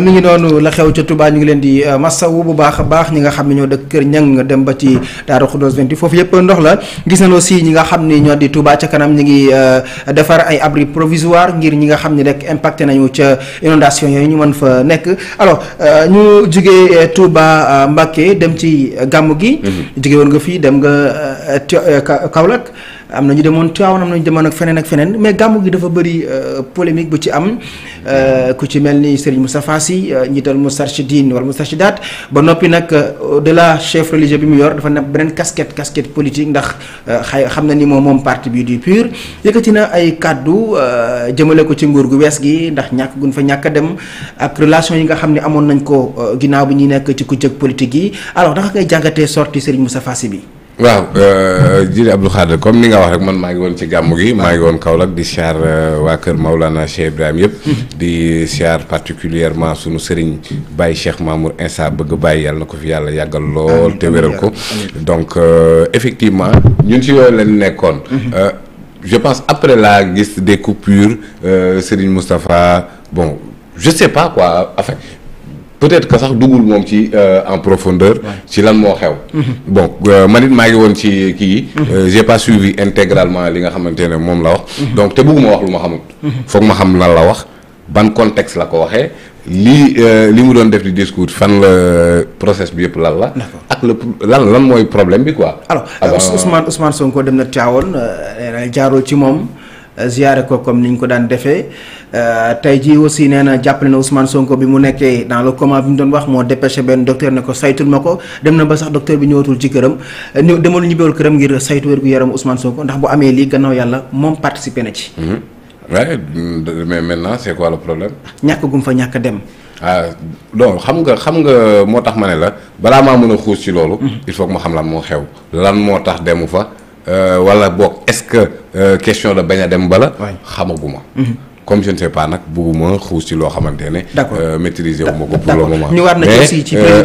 ni euh, ngi noonu la xew ca tubaa ñu ngi leen di euh, masawu bu baax a baax ñi nga xam ne ñoo dëkk kër ñang dem ba ci Daaru Xudoos 28 foofu yëpp ndox la gis nañ aussi ñi nga xam ni ñoo di tubaa ca kanam ñi ngi euh, defar ay abri provisoire ngir ñi nga xam ni rek impacté nañu ca inondation yooyu ñu mën fa nekk alors ñu jugee Touba Mbacké dem ci gàmm gi mm-hmm. jóge woon nga fii dem nga Kaolack am na ñu demoon Tiwaawan am na ñu demoon feneen ak feneen mais gàmmu gi dafa bëri euh, polémique bu ci am euh, ku ci mel ni Serigne Moustapha Sy euh, njiital Moustarchidine wala Moustarchidaat ba noppi nag de la chef religieux bi mu yor dafa nekk beneen casquette casquette politique ndax xay xam na ni moom moom parti bi du pur yëkkati na ay kàddu jëmale ko ci nguur gu wees gi ndax ñàkk gun fa ñàkk dem ak relation yi nga xam ne amoon nañ ko ginnaaw bi ñuy nekk ci ku jëg politique yi alors naka ngay jàngatee sorti Serigne Moustapha Sy bi waaw euh, jërëjëf Abdou Khadre comme ni nga wax rek man maa ngi woon ci gàmmu gi maa ngi woon Kaolack di siyaar euh, waa kër Maulana Cheikh Ibrahim yëpp. Mm-hmm. di siyaar particulièrement sunu sëriñ bàyyi Cheikh Mamour Insa bëgg bàyyi yàlla na ko fi yàlla yàggal lool. te wéral ko donc euh, effectivement ñun ci yooyu lañ nekkoon. Mm-hmm. je pense après laa gis des coupures Serigne Moustapha bon je sais pas quoi en peut-être que sax duggul moom ci euh, en profondeur. ci lan moo xew. Mhm. bon euh, man it maa ngi woon ci kii yi. Mhm. Euh, j'ai pas suivi intégralement li nga xamante ne moom la wax. Mhm. donc te bëgguma wax lu ma xamul. foog ma xam lan la wax ban contexte la ko waxee lii li mu doon def di discours fan la process bi yëpp lan la. ak le lan lan mooy problème bi quoi. alors Ousmane Ousmane Sonko dem na Thiawane jaarul ci moom. ziare ko comme ni ñu ko daan defee euh, tey jii aussi nee na jàppale na Ousmane Sonko bi mu nekkee dans la coma bi ñu doon wax moo dépêché benn docteur ne ko saytul ma ko dem na ba sax docteur bi ñëwatul ci këram ñëw euh, demoon ñibbeewul këram ngir saytu wér gu yaram Ousmane Sonko ndax bu amee lii gannaaw yàlla moom participé na ci. waaye mhm. mais maintenant c'est quoi le problème. ñàkk gum fa ñàkk dem. ah donc xam nga xam nga moo tax ma ne la balaa maa mën a xuus ci loolu. Mhm. il faut que ma xam lan moo xew lan moo tax demu fa. Euh, wala boog est-ce que euh, question la bañ a dem bala xamaguma mhm. comme je ne sais pas nag bugguma xuus ci loo xamante ne. d'accord euh, maîtriser wu ma ko pour le moment. ñu war na ci aussi euh,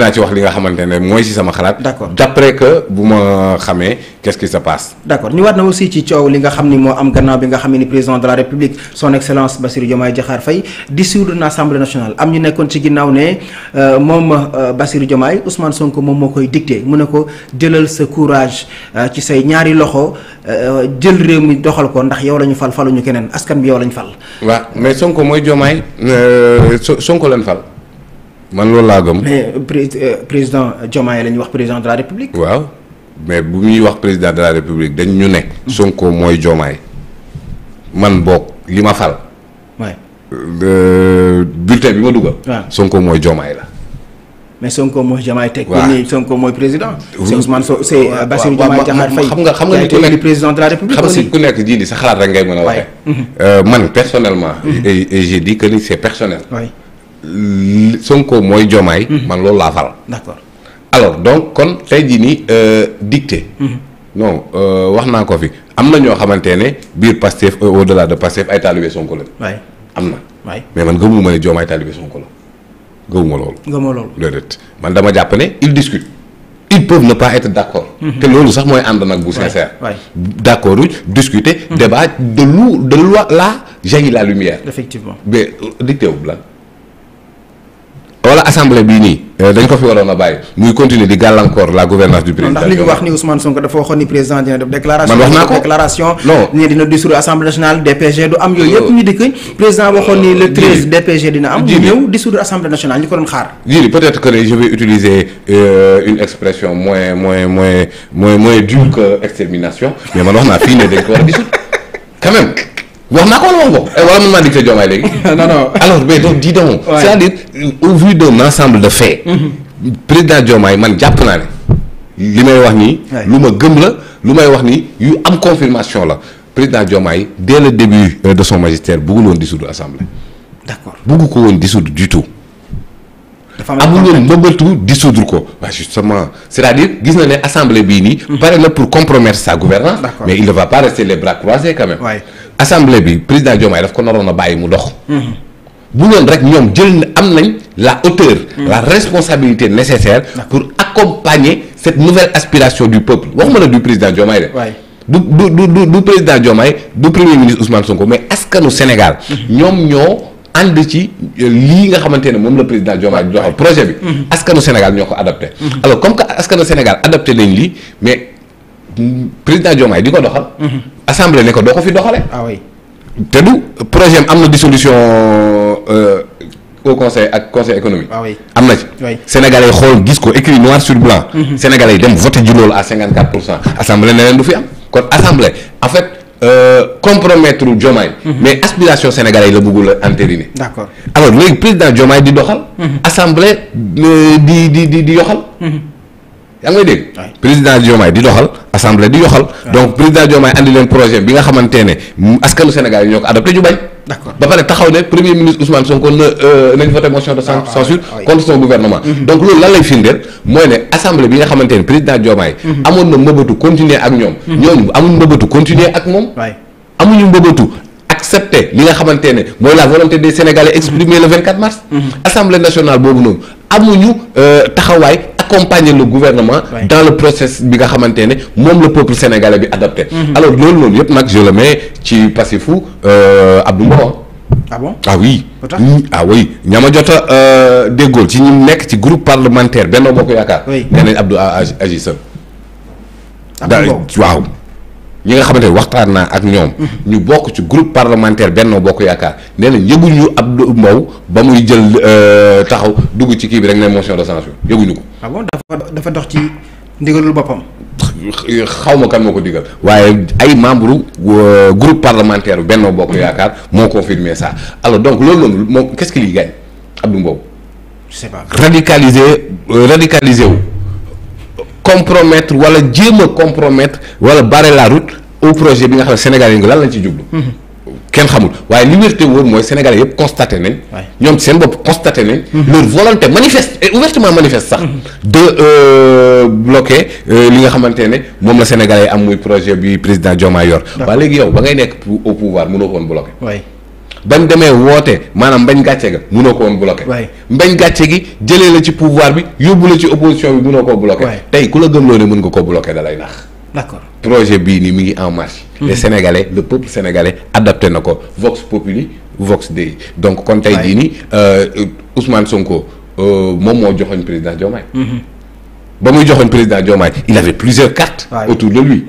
wax li nga xamante ne mooy ci sama xalaat. d'accord d'après que bu ma xamee qu'est-ce qui ñu war na aussi ci coow li nga xam ni moo am gannaaw bi nga xam ni président de la république son excellence Bassirou Diomaye Diakhar Faye dissoudre na assemblée nationale am ñu nekkoon ci ginnaaw ne euh, moom Bassirou Diomaye Ousmane Sonko moom moo koy dikkee mu ne ko jëlal sa courage ci say ñaari loxo jël réew mi doxal ko ndax yow yow la ñu fal faluñu keneen askan bi yow lañ fal. waa mais Sonko mooy Diomaye euh, Sonko lañ fal. man loolu laa gëm. mais euh, euh, président Diomaye la ñuy wax président de la république. waaw mais bu muy wax président de la république dañ ñu ne. Sonko mooy joomaay man boog li ma fal. waay bi ma dugg waaw Sonko mooy Diomaye la. mais Sonko mooy Diomaye teg. waaw ni Sonko mooy président. c'est Ousmane Sonko c'est euh, nga xam nga président de la ku nekk jii di sa xalaat mm-hmm. euh, man personnellement. Mm-hmm. et j'ai dit mooy Diomaye. Mm-hmm. man loolu laa fal. d'accord alors donc kon tey jii nii euh, dicté. wax naa ko fi am na ñoo xamante ne biir Pastef au delà de Pastef ay la. am na. waay mais man gëmuma ne Diomaye taalibe Sonko la. gëwuma loolu. gëwuma loolu man dama jàpp ne ils discutent ils peuvent ne pas être d' mhm. te loolu sax mooy ànd nag bu sincère. waay d' accord discuter. Mhm. débat de lu de loi là jaillit la lumière. effectivement mais euh, dicté wu la. wala assemblée bii nii euh, dañ ko fi waroon a bàyyi muy continuer di gàllankoor la gouvernance du président. ndax li ñu wax ni Ousmane Sonko dafa waxoon ni président dina def déclaration. man wax naa ko déclaration. non ni dina dissoudre assemblée nationale DPG du am. Euh, ko doon xaar. ji peut-être que je vais utiliser euh, une expression moins moins moins moins moins extermination mais man wax naa fii ne dañ ko war a dissoudre quand même. wax naa ko wala wax nga ko eh, wala man maa dicté Diomaye léegi. non non alors mais donc dis donc. waay au vu d'un ensemble de faits. Mhm. président Diomaye man jàpp naa ne li may wax nii. lu ma gëm la lu may wax nii yu am confirmation la président Diomaye dès le début euh, de son magistère bëggul woon dissoudre assemblée. d'accord bëggu ko woon dissoudre du tout. amuñu woon mbëbëtu dissoudre ko waaw justement c'est-à-dire gis na ne assemblée bii nii mm-hmm. pare na pour compromettre sa gouvernance mais il ne va pas rester les bras croisés assemblée bi président Diomaye daf ko naroon a bàyyi mu dox mm-hmm. bu ñoon rek ñoom jël na am nañ la hauteur mm-hmm. la responsabilité nécessaire pour accompagner cette nouvelle aspiration du peuple waxuma la du président Diomaye de du du du du président Diomaye du premier ministre Ousmane Sonko mais askanu Sénégal ñoom ñoo ànd ci euh, lii nga xamante ne moom la président Diomaye joxal projet bi. Mm-hmm. askanu Sénégal ñoo ko adopté. Mm-hmm. alors comme que askanu Sénégal adopté nañ lii mais président Diomaye di ko doxal. Mm-hmm. assemblée ne ko doo ko fi doxale ah te du projet am na dissolution euh, au conseil ak conseil économique. ah oui am na ci. sénégalais xool gis ko écrit noir sur blanc. sénégalais dem voté ji loolu à 54 pour cent assemblée ne leen du fi am kon assemblée en Euh, compromettre Diomaye mhm. mais aspiration sénégalais la bëggul a entériner d'accord alors léegi président Diomaye di doxal mhm. assemblée euh, di di di di yoxal mhm. yaa ngi may dégg. président Diomaye di doxal assemblée di doxal. donc président Diomaye andi leen projet bi nga xamante ne askanu Sénégal yi ñoo ko adopté ñu bañ. ba pare taxaw ne premier ministre Ousmane Sonko na euh, nañ voté motion de ah, ah, censure contre son gouvernement. Mm-hmm. donc loolu lan lay firndeel mooy ne assemblée bi nga xamante ne président Diomaye. Mm-hmm. amoon na mbëbëtu continuer ak ñoom. Mm-hmm. ñooñu amuñu mbëbëtu continuer ak moom. amuñu mbëbëtu. accepter li nga xamante ne mooy la volonté des Sénégalais exprimée le 24 mars. Assemblée nationale boobu noonu amuñu euh, taxawaay. accompagner le gouvernement dans le process bi nga xamante ne moom le peuple sénégalais bi adopté mm alors loolu noonu yëpp nag je le mets ci Pastefu euh, Abdou Mbow ah bon ah oui ah oui ñama jot a euh, déggool ci ñi nekk ci groupe parlementaire benn Bokk Yaakaar nee nañ Abdou Aziz waaw ñi nga xamante ne waxtaan naa ak ñoom. Mm-hmm. ñu bokk ci groupe parlementaire Benno Bokk Yaakaar nee nañ yëguñu Abdou Mbow ba muy jël euh, taxaw dugg ci kii bi rek ne motion de censure yëguñu ko. ah bon dafa dafa dox ci ndigalul boppam. xaw ma kan moo ko digal waaye ay membre euh, groupe parlementaire Benno Bokk mm-hmm. Yaakaar moo confirmé ça alors donc loolu noonu moom qu'est-ce qu'il y gagne Abdou Mbow. je sais pas euh, wu. compromettre wala jéem a compromettre wala barrer la route au projet bi nga xam ne Sénégal yi nga lan lañ ci jublu. Mhm. kenn xamul waaye li wérte wóor mooy sénégal yëpp constaté nañ. ñoom seen bopp constaté nañ. Mhm. leur volonté manifest et ouvertement manifeste sax. Mhm. de euh, euh, li nga xamante ne moom la yi am muy projet bi président Diomaye yor. waaye léegi yow ba ngay nekk au pouvoir mënoo ko woon bañ demee woote maanaam mbañ gàcce ga munoo ko woon bloqué mbañ gàcce gi jëlee la ci pouvoir bi yóbbu la ci opposition bi munoo koo bloqué tey ku la gën loo ne mën nga koo bloqué da lay nax d'accord projet bii nii mi ngi en marche mhm. les sénégalais le peuple sénégalais adapté na ko vox populi vox dei donc kon tey jii nii euh, Ousmane Sonko euh, moom moo joxoon président Diomaye mhm. ba muy joxoon président Diomaye il avait plusieurs cartes autour de lui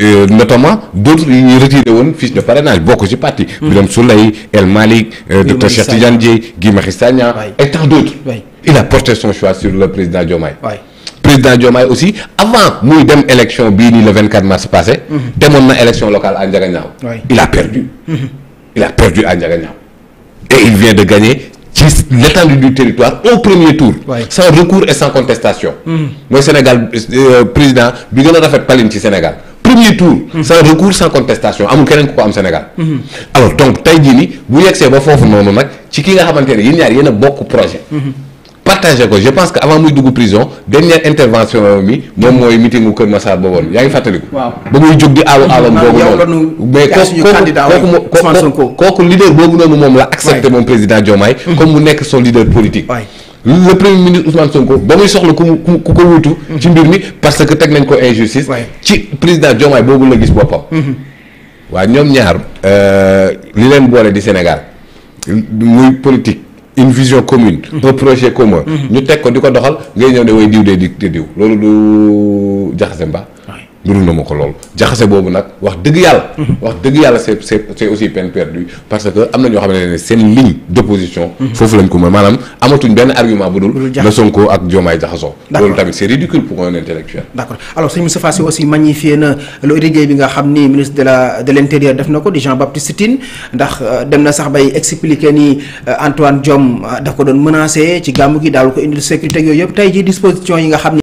Euh, notamment d'autres yu ñuy woon fiche de parrainage bokk ci parti hmm. Birame Souleye El Malick euh, docteur Cheikh Tidiane Dièye Guy et tant d'autres il a porté son choix sur le président Diomaye président Diomaye aussi avant muy dem élection bii nii le 24 mars passé hmm. demoon na élection locale à Ndiaganiao il a perdu hmm. il a perdu à Ndiaganiao et il vient de gagner ci l'étendue du territoire au premier tour sans recours et sans contestation mooy Sénégal euh, président bi a rafet palin premier tour. Mm-hmm. sans recours sans contestation amul keneen ku ko am Sénégal. Mm-hmm. alors donc tey jii bu yegsee ba foofu noonu nag ci ki nga xamante ne yéen ñaar yéen a bokk projet. Mm-hmm. partagé ko je pense que avant muy dugg prison dernière intervention mi moom mooy meetingu Kër Massar ba yaa ngi fàttaliku. ba muy jóg di aalu aalam boobu noonu mais kooku kooku leader boobu noonu moom la accepté moom président Diomaye comme mu nekk son leader politique. le premier ministre Ousmane Sonko ba muy soxla ku mu ku ko wuutu. ci mbir mi parce que teg nañ ko injustice. ci président Diomaye boobu la gis boppam. Mhm. waa ñoom ñaar euh, li leen boole di Sénégal muy politique une vision commune. Mhm. un projet commun. Mhm. ñu teg ko di ko doxal ngay ñëw ne way diw de di diw loolu du jaxase mbaa. nuru na ma ko lool jaxase boobu nag wax dëgg yàlla. wax dëgg yàlla c'est c'est c'est aussi peine perdue parce que am na ñoo xam ne seen ligne d'opposition. foofu lañ ko mën maanaam amatuñ benn argument bu dul. na Sonko ak Diomaye jaxasoo. loolu tamit c'est ridicule pour un intellectuel. d'accord alors sëñ Moustapha Sy aussi magnifié na lu liggéey bi nga xam ni ministre de la de l'intérieur def na ko di Jean-Baptiste Tine ndax euh, dem na sax bay expliquer ni euh,